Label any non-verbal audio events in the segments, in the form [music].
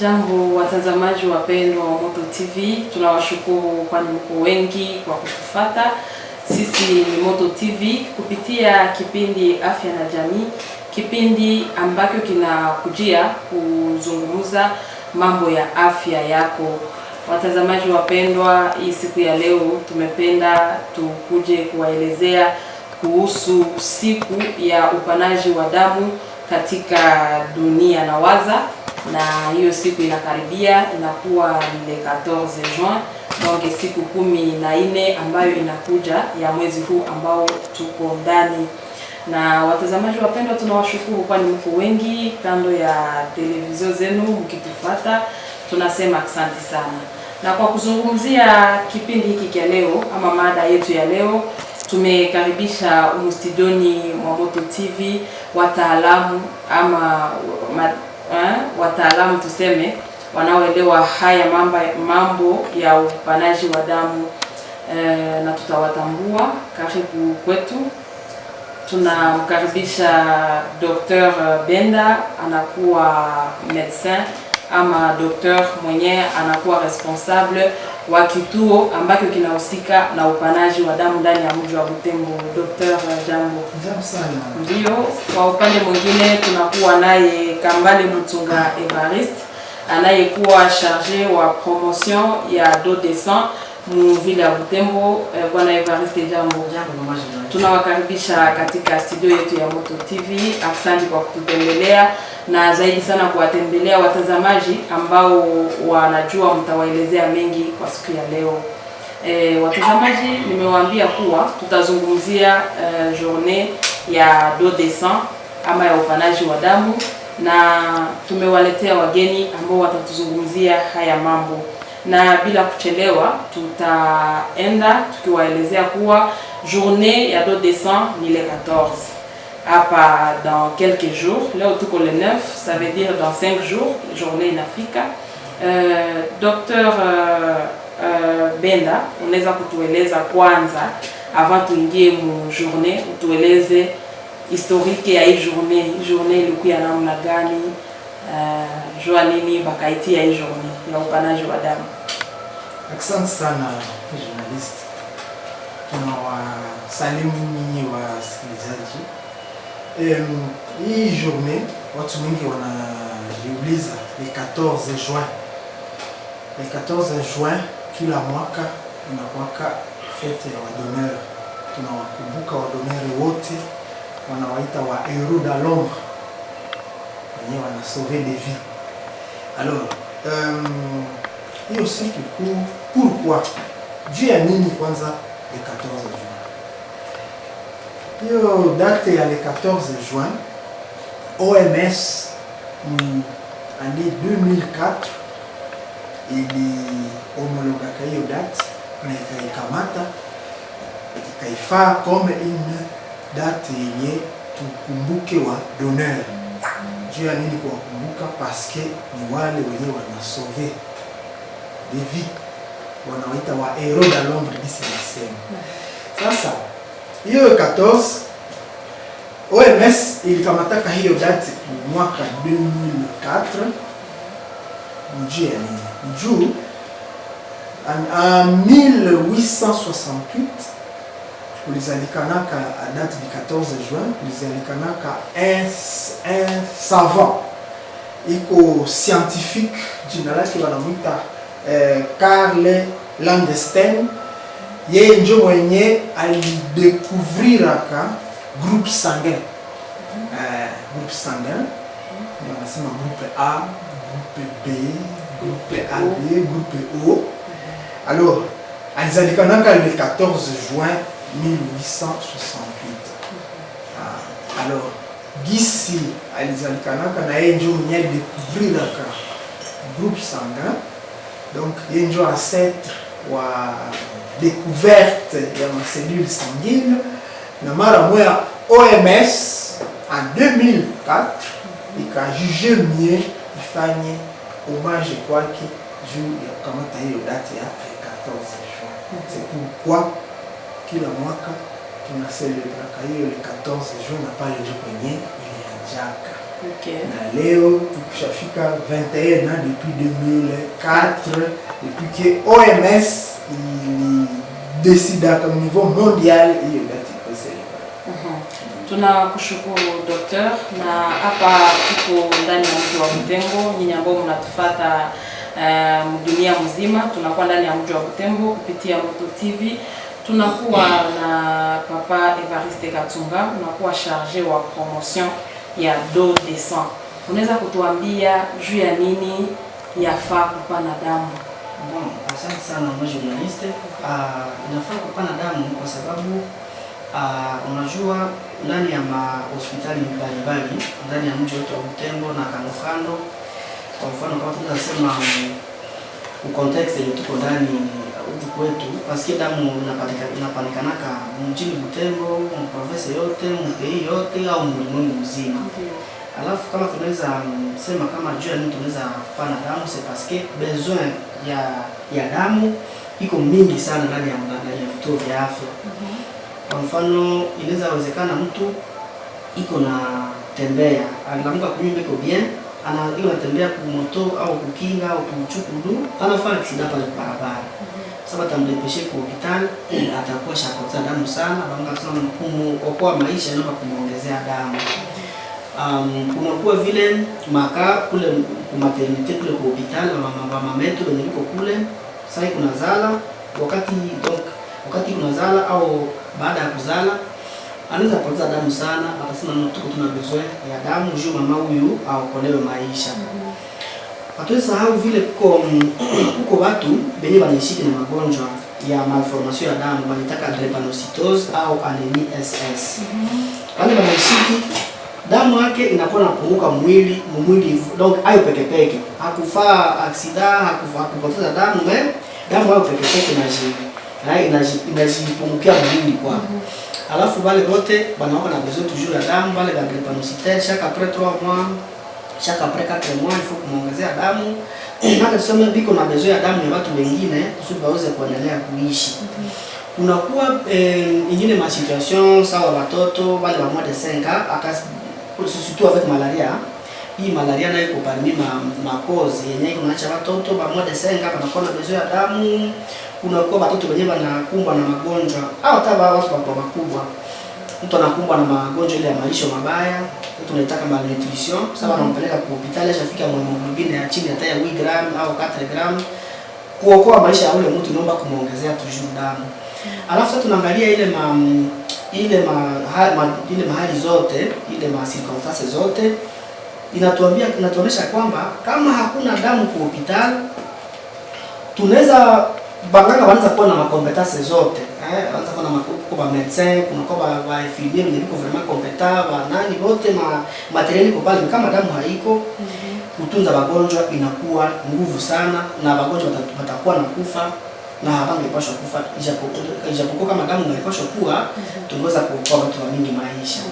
Jambo watazamaji wapendwa wa Moto TV, tunawashukuru kwani mko wengi kwa kutufuata. Sisi ni Moto TV kupitia kipindi afya na jamii, kipindi ambacho kinakujia kuzungumza mambo ya afya yako. Watazamaji wapendwa, hii siku ya leo tumependa tukuje kuwaelezea kuhusu siku ya upanaji wa damu katika dunia na waza na hiyo siku inakaribia inakuwa le 14 juin, donc siku kumi na nne ambayo inakuja ya mwezi huu ambao tuko ndani. Na watazamaji wapendwa, tunawashukuru kwani mko wengi kando ya televizio zenu mkitufuata, tunasema asante sana. Na kwa kuzungumzia kipindi hiki kya leo ama mada yetu ya leo tumekaribisha umustidoni mwa Moto TV wataalamu ama ma, eh, wataalamu tuseme, wanaoelewa haya mambo, mambo ya upanaji wa damu e, na tutawatambua. Karibu kwetu, tunamkaribisha Dr. Benda, anakuwa medecin ama daktari mwenye anakuwa responsable wa kituo ambacho kinahusika na upanaji wa damu ndani ya mji wa Butembo. Daktari, jambo. Jambo sana. Ndio, kwa upande mwingine tunakuwa naye Kambale Mutunga Evariste anayekuwa charge wa promotion ya do de sang mvili ya Butembo. Eh, Bwana Evariste, jambo. Tunawakaribisha katika studio yetu ya Moto TV. Asante kwa kututembelea na zaidi sana kuwatembelea watazamaji ambao wanajua mtawaelezea mengi kwa siku ya leo. Eh, watazamaji nimewaambia kuwa tutazungumzia uh, journée ya don de sang ama ya ufanaji wa damu na tumewaletea wageni ambao watatuzungumzia haya mambo. na bila kuchelewa tutaenda tukiwaelezea kuwa journée ya 2 décembre 2014. le 14 hapa dans quelques jours. Leo tuko le 9, ça veut dire dans 5 jours journée inafika. Afrique euh, docteur uh, euh, Benda unaweza kutueleza kwanza, avant tuingie mu journée, utueleze historique ya hii journée. Hii journée ilikuwa namna gani? Euh, Joanini wakaitia hii journalist, tunawasalimu nyinyi wasikilizaji. Um, journée watu le 14 juin, le 14 juin kila mwaka inakuwaka fete ya wadonere, tunawakumbuka wadonere wote, wanawaita wa de l'ombre on a sauvé des vies. Alors euh, aussi pourquoi, Dieu a mis le 14 juin? date le 14 juin OMS mm, année 2004 homologué la date na est comme une date yenye tukumbuke wa que nous nini kuwakumbuka? Paske ni sauver des vies, devi wanawaita wa héros dans l'ombre ça. nasema Ça, Hiyo 14 OMS il a hiyo dati mwaka 2004 a dit, jour, en 1868 les ka à date du 14 juin un, un savant un scientifique jina lake Karl eh, Karl Landstein yeye à découvrir un groupe sanguin euh, groupe sanguin un groupe A groupe B groupe AB groupe O mhm. alors alizalikanaka le 14 juin 1868 ah. alors à gisi alizalikanaka na on a découvert le groupe sanguin donc il y a ancêtre wa découverte la cellule sanguine na a eu oms en 2004 a ikajuge mie ifanye hommage kwake Comment ya kamata hiyo date a 14 juin c'est pourquoi kila mwaka le 14 juin na pale ndio kwenye Okay. Na leo tukishafika 21 na hein, depuis 2004 depuis que OMS à niveau mondial hiyo date Mhm. Tunakushukuru docteur, na hapa tuko ndani ya mji wa Butembo, eh, dunia tunakuwa ndani ya kupitia Moto TV tunakuwa na papa Evariste Katunga, unakuwa charge promotion ya do de sang. Unaweza kutuambia juu ya nini yafaa kupana damu? Bon, asante sana mwa journaliste. Uh, inafaa kupana damu kwa sababu uh, unajua ndani ya mahospitali mbalimbali ndani ya mji wa Butembo na kandokando, kwa mfano kama tunasema um, ndani huku kwetu pasikie damu inapanikanaka mchini Butembo, mprovensi yote mpei yote au mlimwengu mzima Alafu kama tunaweza sema kama juu ya nini tunaweza kupana damu se paske besoin ya ya damu iko mingi sana ndani ya ndani ya vituo vya afya Kwa mfano inaweza wezekana mtu iko na tembea anaamka kunyumba iko bien ana iko natembea kumoto au kukinga au kuchukudu anafanya kisida pale barabara sababu atamdepeshe kwa kitani atakuwa shakoteza damu sana, na mkumu kumuokoa maisha na kumuongezea damu. Um, kunakuwa vile maka kule maternity kule kwa hospitali mama mama yetu ndio niko kule sasa, kuna zala wakati donc wakati kuna zala au baada ya kuzala anaweza kupoteza damu sana, atasema tuko tuna besoin ya damu juu mama huyu aokolewe maisha. mm -hmm. Hatuwesahau vile kuko kuko watu benye wanaishiki na magonjwa ya malformation ya damu wanataka drepanocytosis au anemia SS. Mhm. Wale wanaishiki damu yake inakuwa napunguka mwili mwili, donc ayo peke peke, hakufaa aksida, hakufaa kupoteza damu me damu ayo peke peke inaji na inajipungukia mwili kwa mhm. alafu, wale wote wanaona na besoin toujours ya damu, wale ba drepanocytes chaque après 3 mois shakampeleka kemwani fu kumwongezea damu maana [clears throat] tuseme biko na bezo ya damu ya watu wengine kusudi waweze kuendelea kuishi. Kunakuwa eh, ingine ma situation sawa watoto wale wa mode 5 akas surtout avec malaria. Hii malaria nayo iko parmi ma makozi yenye kunaacha watoto wa mode 5 panakuwa na bezo ya damu. kuna kuwa watoto wenyewe wanakumbwa na magonjwa au hata watu wakubwa mtu anakumbwa na magonjwa ile ya malisho mabaya, mtu anataka malnutrition, sababu anampeleka kwa hospitali, ashafika hemoglobin ya chini hata ya 8 gram au 4 gram. Kuokoa maisha ya yule mtu, naomba kumwongezea toujours damu. Alafu sasa tunaangalia ile ma ile mahali ma, ile mahali zote ile ma circumstances zote inatuambia inatuonesha kwamba kama hakuna damu kwa hospitali tunaweza bangaka wanaanza kuwa na makompetence zote eh, banza ko ko ba médecin kuna ko ba ba infirmier ni ko vraiment compétent ba nani bote ma materiel ko pale kama damu haiko mhm. kutunza wagonjwa inakuwa nguvu sana na wagonjwa watakuwa na kufa na hapangepashwa kufa ijapokuwa kama damu ingepashwa kuwa mhm. tungeweza kuokoa watu wa maisha mm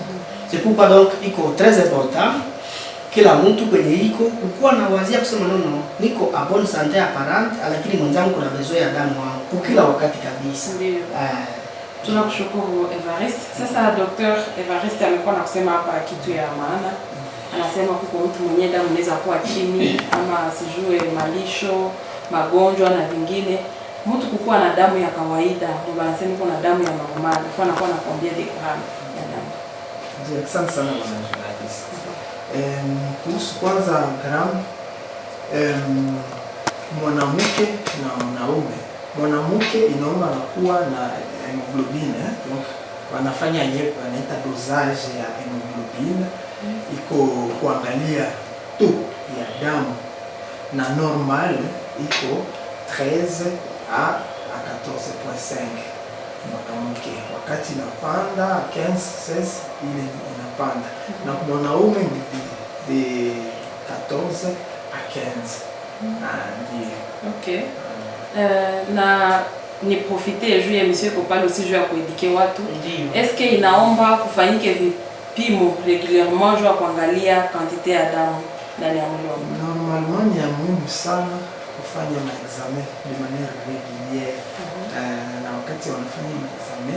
-hmm. donc iko très important kila mtu kwenye iko kukuwa na wazia kusema nono, niko abon sante apparent, lakini mwenzangu kuna bezo damu wangu kwa kila wakati kabisa. Uh, tunakushukuru Evariste. Sasa Dr. Evariste amekuwa na kusema hapa kitu ya maana, mm. anasema kuko mtu mwenye damu inaweza kuwa chini ama sijue malisho, magonjwa na vingine mtu kukuwa na damu ya kawaida ndio wanasema iko na damu ya normal, kwa anakuwa anakwambia the gram ya damu. Ndio, asante sana bwana journalist. Em, kuhusu kwanza gram, em, mwanamke na mwanaume mwanamke inaona anakuwa na hemoglobin eh, wanafanya yeye anaita dosage ya hemoglobin mm. iko kuangalia tu ya damu na normal iko 13 a 14.5 mwanamke, wakati inapanda 15 16 ile inapanda, mm. na kwa mwanaume ni 14 a 15. Mm. Ndio, okay uh, na ni profite ya juu ya misio Ecopal aussi juu ya kuedike watu ndiyo. Eske inaomba kufanyike vipimo regulierement juu ya kuangalia kantite ya damu ndani ya mwili wa mtu. Normalement ni ya muhimu sana kufanya maexame de manière reguliere na mhm. euh, wakati wanafanya maexame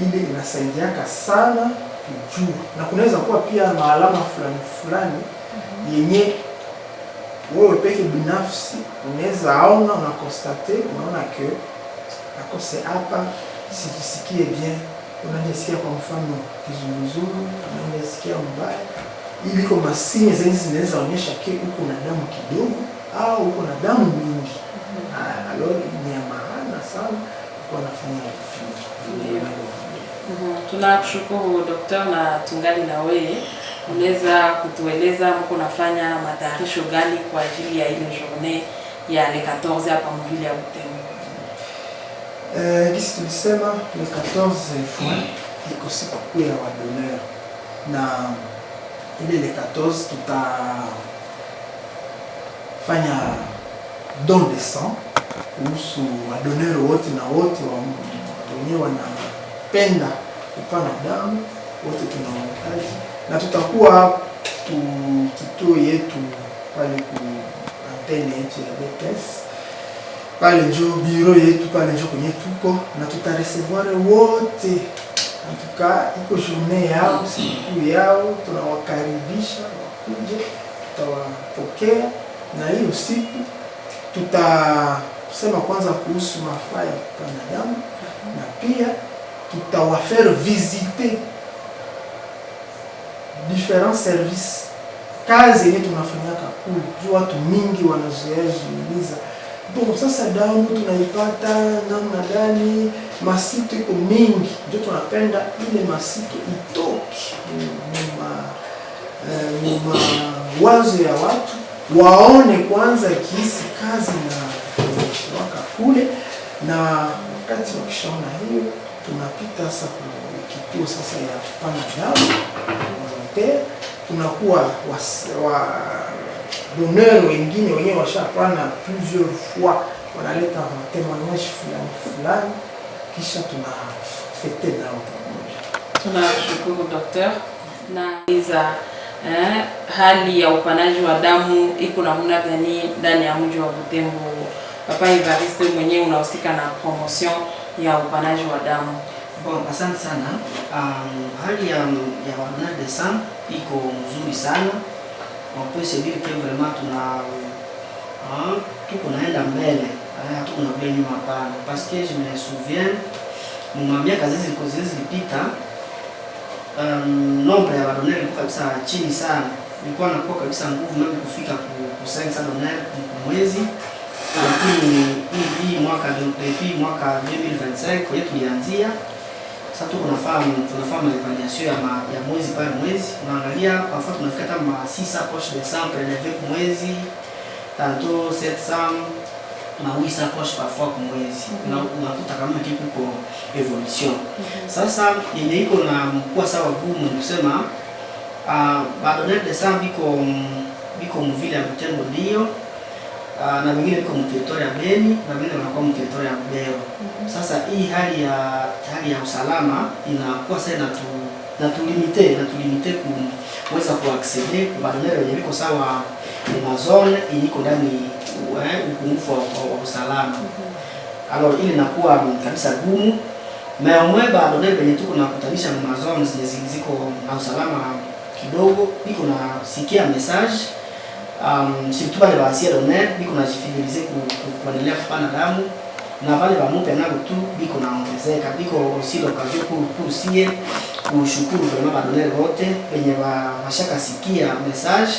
ile inasaidiaka sana kujua, na kunaweza kuwa pia maalama fulani fulani mhm. yenye wewe peke binafsi unaweza aona, unakonstate, unaona ke akose hapa sijisikie bien, unajisikia kwa mfano kizunguzungu, unajisikia mbaya. Hivi iko masinye zenye zinaweza onyesha ke uko na damu kidogo au uko na damu mingi. Mhm. Alo ni ya maana sana kwa nafanya hivi. Mhm. Tunashukuru daktari na tungali na wewe unaweza kutueleza mko nafanya matayarisho gani kwa ajili ya ile journée ya le 14 hapa mvili ya Butembo? Eh, kisi tulisema le 14 juin iko siku kuu ya wadoneur na ile le 14 tutafanya don de sang kuhusu wadoneur wote na wote wenyewe wanapenda kupana damu wote tunawahitaji na tutakuwa kituo yetu pale ku antene yetu ya BTS pale njo biro yetu pale njo kwenye tuko na tutaresevoir wote antuka, iko journée yao siku yao, tunawakaribisha wakuje, tutawapokea. Na hiyo siku tutasema kwanza kuhusu mafaa ya kupanda damu na pia tutawafere visite different service kazi yenye tunafanyaka kule juu watu mingi wanazoeajiuliza bon, sasa damu tunaipata namna gani? masito iko mingi, ndio tunapenda ile masito itoke muma eh, wazo ya watu waone kwanza kiisi kazi na waka kule, na wakati wakishaona hiyo tunapita sasa kituo sasa ya pana damu madaktari, kunakuwa wa doneur wengine wenyewe washapana plusieurs fois, wanaleta témoignage fulani fulani, kisha tuna tunafete nao pamoja. Tunashukuru daktari na iza eh, hali ya upanaji wa damu iko namna gani ndani ya mji wa Butembo? Papa Evariste mwenyewe unahusika na promotion ya upanaji wa damu Bon, oh, asante sana. Um, hali ya, ya Wagner de Sam iko mzuri sana. On peut se dire que vraiment tuna uh, tuko naenda mbele. Uh, eh, tuko na beni mapana parce que je me souviens mwa miaka zilizopita zilizopita um, nombre ya Wagner ilikuwa kabisa chini sana. Nilikuwa nakuwa kabisa nguvu mimi kufika ku kukusanya sana na mwezi lakini hii mwaka depuis mwaka 2025 kwetu ilianzia sasa tuko nafahamu tunafahamu ile sio ya ya ma, ya mwezi pale mwezi. Unaangalia kwa mfano tunafika kama 6 coche de sang per lever kwa mwezi. Tanto 700 na 800 coche parfois kwa mwezi. Mhm. Na unakuta kama kitu kwa evolution. Mhm. Sasa yenye iko na mkua sawa gumu kusema ah uh, badonner de sang biko biko mvile ya mtendo ndio Ah, na wengine kwa mteritori ya Beni na wengine wanakuwa mteritoria ya mhm. Sasa hii hali ya hali ya usalama inakuwa sasa natu natulimite natulimite kuweza kuaksede kubanero yenye iko sawa ni mazone iliko ndani eh, upungufu wa usalama mhm. alors ile inakuwa kabisa gumu meomwe badone penye tuko nakutanisha mazone zenye ziko na usalama kidogo, niko nasikia message um, euh, shirituka ne basia donaire biko na jifinilize kuendelea kupana damu na vale bamupe nabo tu biko naongezeka, biko osi lokasion kurusie kushukuru vraiment badonere bote penye bashakasikia message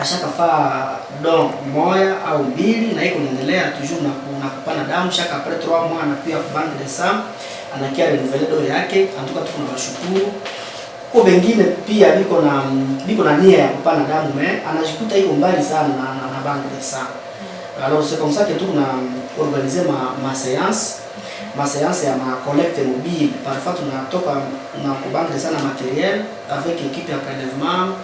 ashakafaa don moya au mbili, na iko naendelea toujours na kupana damu shaka apres 3 mois na pia kubande de sang anakia renouveler do yake antuka, tuko na bashukuru kwa bengine pia biko na biko na nia ya kupana damu me eh. anajikuta iko mbali sana na na, na banque de sang mm. alors c'est comme ça que tout na organiser ma ma séance ma séance ya ma collecte mobile parfois tunatoka na ku banque de na matériel avec équipe ya prélèvement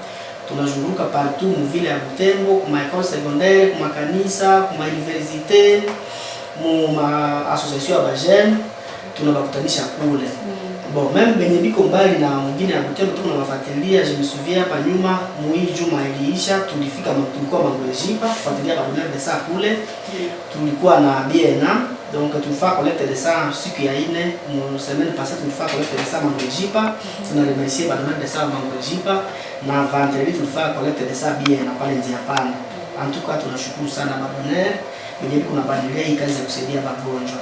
tunazunguruka partout muvile ya Butembo kuma école secondaire kuma kanisa kuma université mu ma association ya bajene tunabakutanisha kule Bon, même benye biko mbali na mwingine ya kutia mtu na nakutana je me souviens hapa nyuma mwi juma iliisha, tulifika tulikuwa Mangwejipa kufuatilia kwa de Saa kule Tulikuwa na BNA, donc tulifaa collecte de Saa siku ya ine mu semeni pasa tulifaa collecte de Saa Mangwejipa mm ba Tunalimaisia Banyere de Saa Mangwejipa na vendredi tulifaa collecte de Saa Biena pale njia pana. En tout cas tunashukuru sana Babonere benye biko nabadilia hii kazi ya kusaidia wagonjwa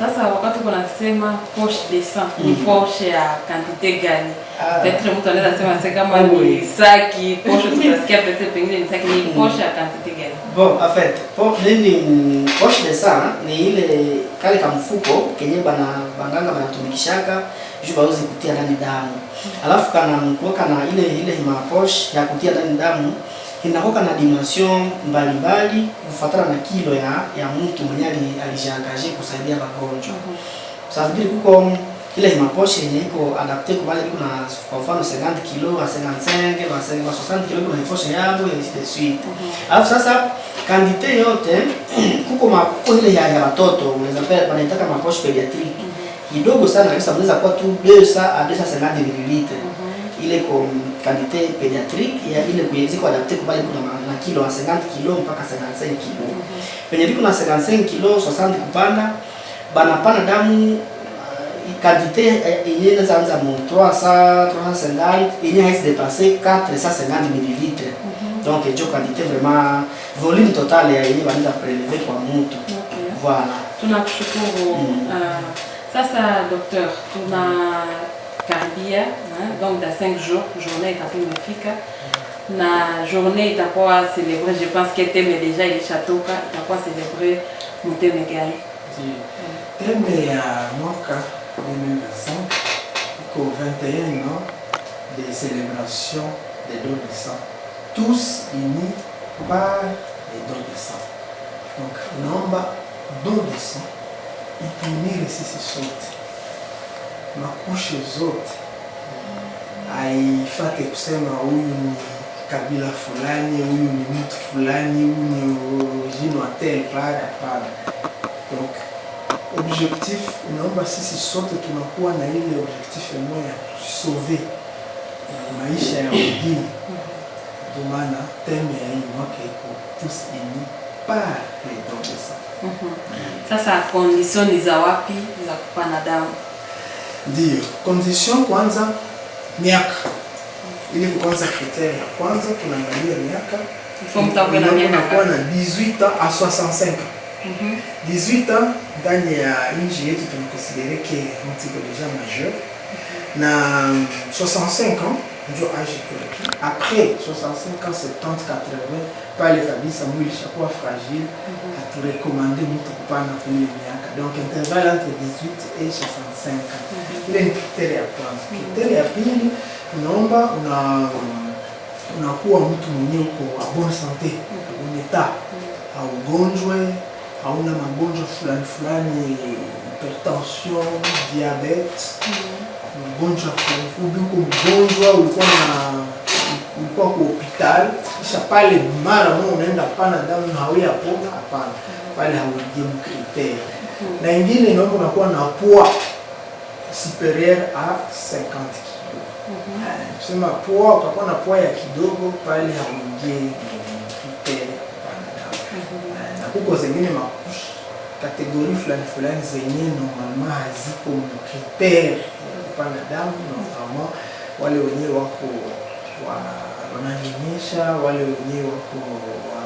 sasa wakati kunasema poche de sang ni mm. poche ya kantite gani? Ah. Petre mtu anaweza sema sasa kama ni saki poche, [laughs] tutasikia petre pengine ni saki, ni mm. poche ya kantite gani? Bon, en fait, po nini poche de sang ni ile kale kamfuko kenye bana banganga banatumikishaka juu bawezi kutia ndani damu. Mm. Alafu kana mkuwa kana ile ile ma poche ya kutia ndani damu inakoka na dimension mbalimbali kufuatana na kilo ya ya mtu mwenye alijiangaje kusaidia wagonjwa. Sasa mhm. vile kuko ile maposhe yenye iko adapte kwa wale kuna kwa mfano 50 kilo, 55, 60 kilo kuna maposhe yabo ya de suite. Mhm. Alafu sasa kandite yote [clears throat] kuko makuko ile ya watoto unaweza pia wanaitaka maposhe pediatric. Mhm. Kidogo sana kabisa unaweza kuwa tu 200 a 250 ml. Mm Ile kwa quantité pédiatrique ya ile kuyenzi kwa adapté kubali kuna na kilo 50 kilo mpaka 55 kilo. Penye biko na 55 kilo 60 kupanda banapana damu euh, quantité yenye inaweza anza mu 300 350 yenye haisi dépasser 450 ml. Donc hiyo quantité vraiment volume total ya yenye banaweza prélever kwa mtu. Voilà. Tunakushukuru. Sasa mm. euh, docteur, tuna karibia hein, donc dans cinq jours journée est magnifique la journée est à quoi célébrer je pense que teme déjà ilishatoka itakuwa célébrée motema gani à ya mwaka 2025 au 21 ans les célébrations des dons de sang tous unis par les dons de sang donc naomba dons de sang itumire sisi sote makushe zote haifate kusema huyu ni kabila fulani, huyu ni mtu fulani, huyu ni origine atel pale. Hapana, donc objectif inaomba sisi sote tunakuwa na ile objectif moja ya kusove eh, maisha ya wengine. Ndio maana teme ya hii mwaka iko tous unis par les dons de sang. Mhm. Sasa kondisioni za wapi za kupana damu dire condition kwanza miaka ili kwanza tunaangalia miaka na 18 à 65 18 mhm. ans ndani ya nchi yetu tunakonsidere ke mtiko majeur mhm. na 65 mm, ans ndio age après 65 ans 70 80 ça mouille ça quoi fragile mhm. à mtu kupana miaka donc intervalle entre 18 et 65 ans ile ni kipengele ya kwanza. Kipengele ya pili unaomba una unakuwa mtu mwenyewe uko a bonne sante, un etat haugonjwe, hauna magonjwa fulani fulani, hypertension, diabete, magonjwa fulani, uko mgonjwa ulikuwa na ulikuwa kwa hospitali, kisha pale mara moja unaenda pana damu na hauya pona, hapana, pale haujimu kritere. Na ingine inaomba unakuwa na poa supérieur à 50 kg. Kusema poa, utakuwa na poa ya kidogo pale, haingie kite mhm. euh, na kuko zengine makushi kategori fulani fulani zenye normalement haziko mkritere ya kupana damu, notamment wale wenyewe wako wa wananyonyesha, wale wenyewe wako wa,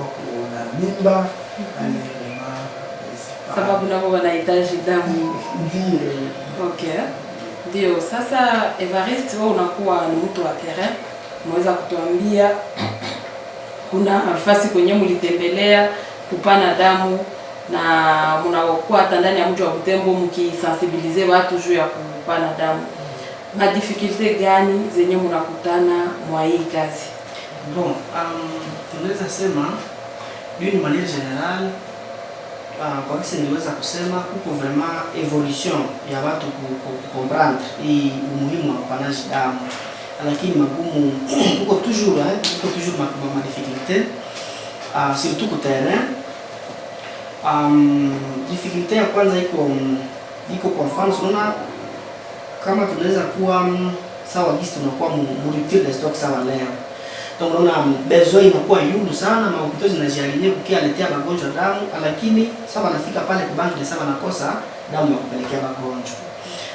wako na mimba mm -hmm sababu nao wanahitaji damu. Ndio. Okay, ndio. Sasa Evariste, wewe unakuwa ni mtu wa terrain, unaweza kutuambia kuna nafasi kwenye mlitembelea kupana damu na mnaokuwa hata ndani ya mji wa Butembo mkisensibilize watu juu ya kupana damu, na difficulty gani zenye mnakutana mwa hii kazi? Bon, um, tunaweza sema hiyo ni mali general Ah, kwa kisi niliweza kusema kuko vraiment evolution ya watu kukomprendre hii umuhimu wa kupanaji damu, lakini magumu kuko [clears throat] toujours eh, kuko toujours ma difficulté uh, surtout ku terrain um, difficulté ya kwanza iko iko, kwa mfano tunaona kama tunaweza kuwa mm, sawa gisi tunakuwa mu rupture de stock sawa leo unaona bezo inakuwa yulu sana, maambukizo zinajialinye kukia aletea magonjwa damu, lakini sasa nafika pale kwa banki sasa nakosa damu ya kupelekea magonjwa.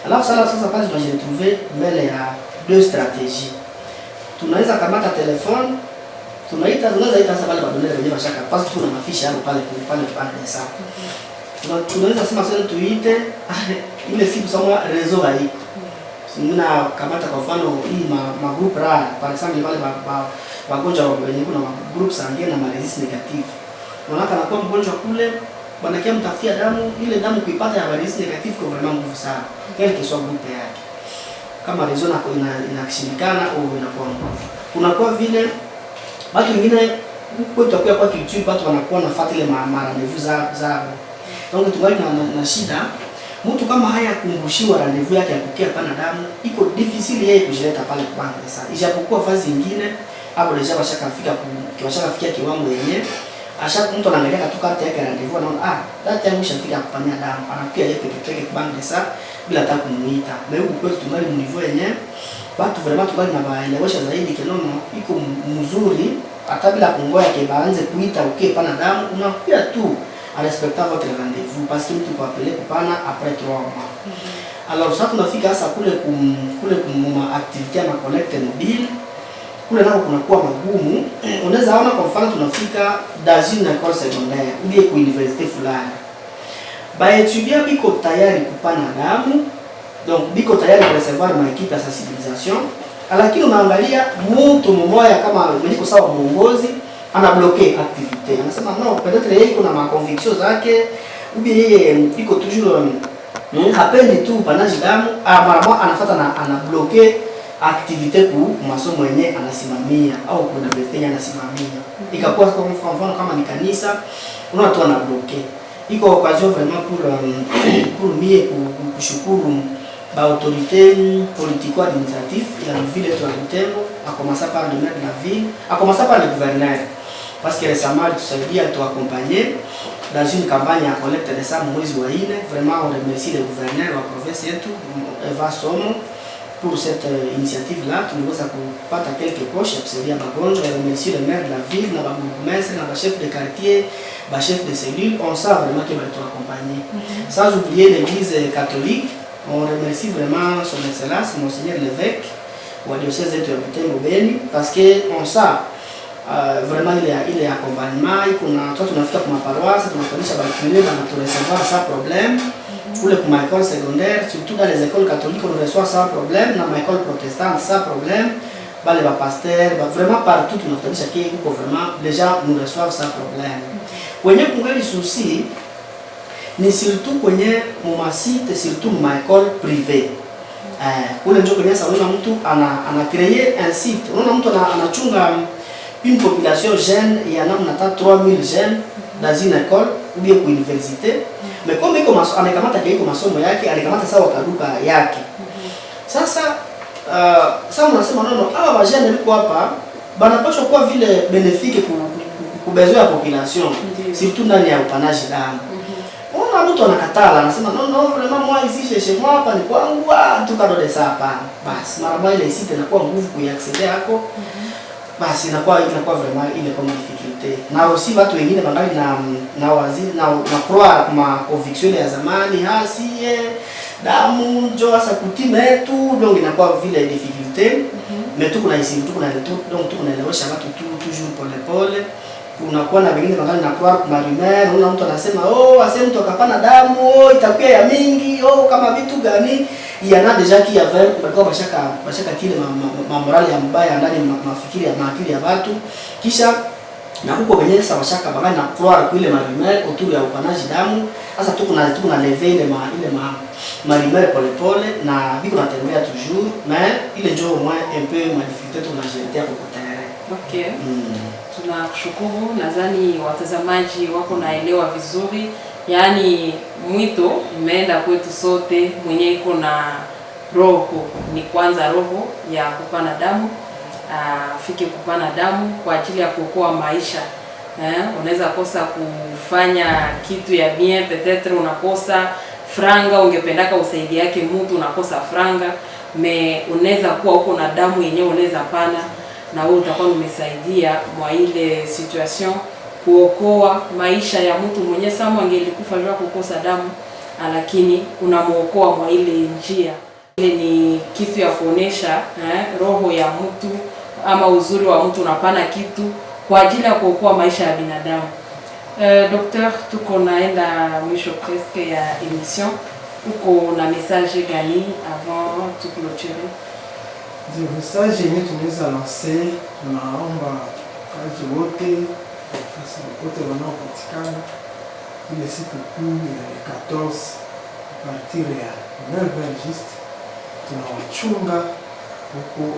Alafu sala sasa pale tunajitrouver mbele ya deux strategies. Tunaweza kamata telefone, tunaita tunaweza ita sasa pale kwa donela mashaka. Kwa sababu tuna mafisha hapo pale kwa pale kwa pale tuna, Tunaweza sema sasa tuite [laughs] ile siku sasa rezo haiko. Mimi na kamata kwa mfano hii ma, ma group rara, kwa example pale ba, ba wagonjwa wenye kuna group sangia na maresist negative. Maana kwa mgonjwa kule bwana kia mtafutia damu ile damu kuipata ya maresist negative kwa vraiment nguvu sana. Kile kiswa group yake. Kama lesion hapo ina inashindikana au inakuwa nguvu. Kuna kwa vile watu wengine kwa tutakuwa kwa kitu watu wanakuwa nafuata ile marandevu za za. Wangu tungali na, na shida mtu kama haya kumbushiwa randevu yake ya kutia pana damu iko difficile yeye kujileta pale kwanza. Ijapokuwa fazi nyingine hapo ndio sasa kafika kwa sasa ashakafikia kiwango yenyewe. Asha mtu anaangalia katoka hata yake rendezvous, anaona ah, data yangu ishafika kupania damu, anapia yeye peke yake kubanga sasa bila hata kumuita. Na huko kwetu tungali mu yenyewe, watu vraiment tungali na baelewesha zaidi kinono iko mzuri, hata bila kungoja ke baanze kuita okay, pana damu unakuja tu à respecter votre rendez-vous parce que tu peux appeler pour kupana après trois mois. Mm -hmm. Alors ça tunafika sasa kule kum, kule kumuma activité ya ma collecte mobile kule nako kunakuwa magumu. [clears throat] Unaweza ona kwa mfano tunafika dazini na kwa secondaire ulie kwa university fulani, ba etudia biko tayari kupana damu donc biko tayari kureservoir ma equipe ya sensibilisation, lakini unaangalia mtu mmoja kama mliko sawa mwongozi ana bloquer activité, anasema no, peut-être yeye kuna ma conviction zake ubi yeye iko toujours hmm, hapendi tu panaji damu, ama ah, anafuata na ana bloquer activity ku masomo yenye anasimamia au kuna bethenye anasimamia, ikakuwa kwa mfano kama ni kanisa, unatu anabloke iko occasion vraiment pour euh, [clears throat] pour mie kushukuru ba autorité politico administratif ya ville tu Butembo, a commencer par le maire de la ville, a commencer par le gouverneur parce que récemment tusaidia tu accompagner dans une campagne ya collecte de ça mwezi wa ine. Vraiment on remercie le gouverneur wa province yetu Eva Somo pour cette euh, initiative-là, qui nous accompagne à quelques poches, à Bagonge, je remercie le maire de la ville, la bourgmestre, la chef de quartier, la chef de cellule, on sait vraiment qu'ils vont être Mm Sans oublier l'église euh, catholique, on remercie vraiment son excellence, monseigneur l'évêque, ou la diocèse de Théobéni, parce qu'on sait euh, vraiment qu'il est, il accompagnement, il qu'on a, tout tu n'as fait ma paroisse, pour ma famille, ça, tu on pas recevoir sans problème tous les écoles secondaires, surtout dans les écoles catholiques, on reçoit sans problème, dans les écoles protestantes, sans problème, bah, les pasteurs, bah, vraiment partout, notre chacun, vraiment, les gens nous reçoivent sans problème. Kwenye des soucis, ni surtout kwenye mumasite, surtout ma école privée. Uh, kule ndio kwenye sababu mtu ana ana un site. on mtu une population jeune il y en a 3000 jeunes dans une école ou bien une université Kumbe iko maso amekamata kwa iko masomo yake, alikamata sawa wakaduka yake. Sasa uh, sasa unasema nono hawa wajane liko hapa banapaswa kuwa vile benefiki ku, kubezoea population surtout ndani ya upanaji damu. Mhm. Ona mtu anakatala anasema no no vile mama ici chez sheshe moi hapa ni kwangu ah tu kado de sapa. Bas mara ile isite na kwa nguvu kuiacceder yako. Mhm. Basi inakuwa inakuwa vile mama ile kama mentalité na si watu wengine bangali na na wazi na, na kwa ma conviction ya zamani hasi ye damu njo hasa kutima yetu donc inakuwa vile difficulté mm -hmm. mais tuko na hisi tuko na donc tuko naelewesha watu tu toujours pole pole kuna kwa na wengine bangali na kwa ma rumeur una mtu anasema oh ase mtu akapana damu oh itakuwa ya mingi oh kama vitu gani yana deja ki ya vile kulikuwa bashaka bashaka kile ma, ma, ma ma morali ya mbaya ndani mafikiri ya maakili ya watu kisha na huko wenyewe sasa mashaka baba na croire kule ile marimere autour ya upanaji damu sasa tuko na tuko na leve ile ma ile ma marimere pole pole na biko natembea toujours mais ile ndio au moins un peu ma difficulté tuna jeter kwa kutayari mm. tunakushukuru nadhani watazamaji wako naelewa vizuri yaani mwito imeenda kwetu sote mwenye iko na roho ni kwanza roho ya kupana damu afike kupana damu kwa ajili ya kuokoa maisha. Eh, unaweza kosa kufanya kitu ya bien peut-être, unakosa franga, ungependaka usaidie yake mtu, unakosa franga me, unaweza kuwa huko na damu yenyewe unaweza pana, na wewe utakuwa umesaidia mwa ile situation kuokoa maisha ya mtu mwenye samu angelikufa kwa kukosa damu, lakini unamuokoa mwa ile njia ile. Ni kitu ya kuonesha eh, roho ya mtu ama uzuri wa mtu unapana kitu kwa ajili ya kuokoa maisha ya binadamu. Uh, Docteur, tuko naenda mwisho presque ya emission, uko na message gani avant tuclôturer? Ndio message yenyewe tunaweza lancer, tunaomba kazi wote sasa wote wanaopatikana ile siku kuu ya 14 partir ya 9h juste tunawachunga huko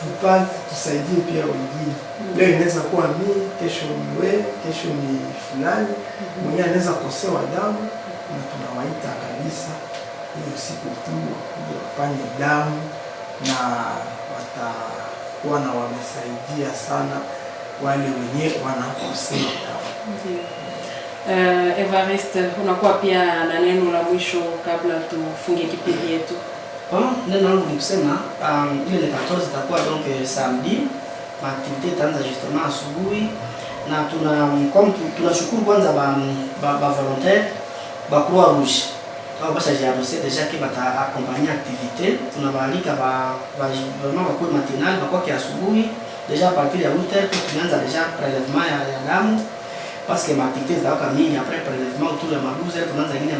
tupate tusaidie pia wengine. Mm. Leo inaweza kuwa mimi, kesho ni wewe, kesho ni fulani mm-hmm. mwenyewe anaweza kosewa damu, na tunawaita kabisa hiyo siku tu wakuja wapande damu, na watakuwa na wamesaidia sana wale wenyewe wanakosewa damu. Uh, eh, Evariste, unakuwa pia na neno la mwisho kabla tufunge kipindi yetu? Kwa neno langu ni kusema um, ile lekatoro zitakuwa donc eh, samedi maaktivite itaanza justement asubuhi, na tuna um, tunashukuru kwanza ba um, ba, ba volontaire ba Croix Rouge au basa ya dossier deja ki bata accompagner activité. Tunabaalika ba ba vraiment ba kwa matinal ba kwa asubuhi deja a partir ya 8h tunaanza deja prélèvement ya, ya damu parce que maaktivite zitakuwa mingi après prélèvement autour ya mabuza tunaanza ingine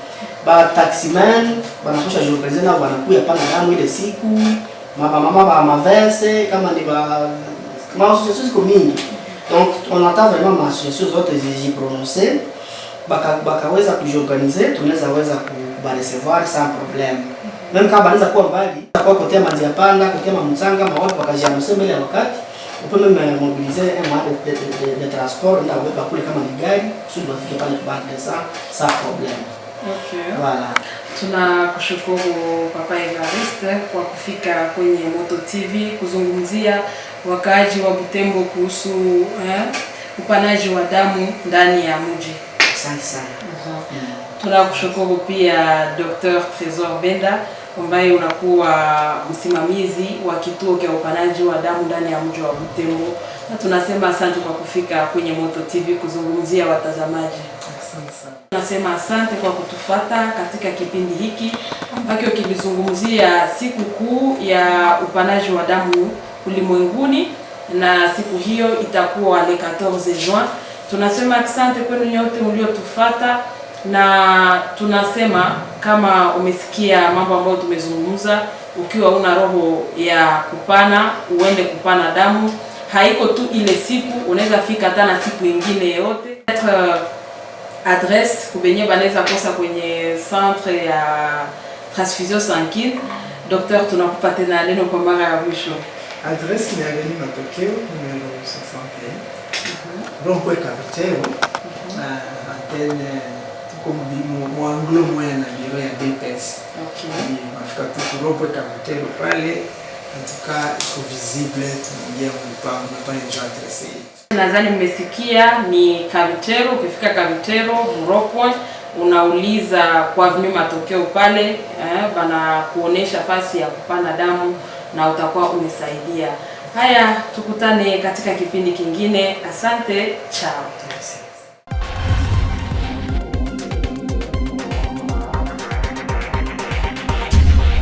ba taximan banakusha journalize na wanakuya pana damu ile siku mama ba mavese kama ni ba kama ziko mingi donc on attend vraiment ma association zote zijiprononce baka bakaweza kujiorganize, tunaweza weza kubarecevoir sans problème même kama banaweza kuwa mbali kwa kotea manzi yapanda kotea mamsanga mawapi bakajiamusema ile wakati upeme eh, mobilize de transport ndio bakule kama ni gari kusudi bafike pale kwa sans sans Okay. Voilà. Tunakushukuru Papa Evariste kwa kufika kwenye Moto TV kuzungumzia wakaaji wa Butembo kuhusu eh, upanaji wa damu ndani ya mji. Asante sana. Uh -huh. Mm. Tunakushukuru pia Dr. Tresor Benda ambaye unakuwa msimamizi wa kituo cha upanaji wa damu ndani ya mji wa Butembo, na tunasema asante kwa kufika kwenye Moto TV kuzungumzia watazamaji tunasema asante kwa kutufata katika kipindi hiki ambacho kilizungumzia siku kuu ya upanaji wa damu ulimwenguni, na siku hiyo itakuwa le 14 Juin. Tunasema asante kwenu nyote mliotufata, na tunasema kama umesikia mambo ambayo tumezungumza, ukiwa una roho ya kupana, uende kupana damu. Haiko tu ile siku, unaweza fika hata na siku ingine yote address kubenye banaweza kosa kwenye centre ya transfusion sanguine. Docteur, tunakupa tena neno kwa mara ya mwisho. Address ni Avenue Matokeo numero 61 Ronco Kabutero, antenne tuko mwanglo mwena na biro ya DPS. Okay. Mafika tu Ronco Kabutero pale, en iko visible, tunaingia mpango pale ndio adresse Nadhani mmesikia ni Kavitero. Ukifika Kavitero Mrokwa, unauliza kwa vini matokeo pale eh, bana kuonesha fasi ya kupana damu na utakuwa umesaidia. Haya, tukutane katika kipindi kingine. Asante, chao.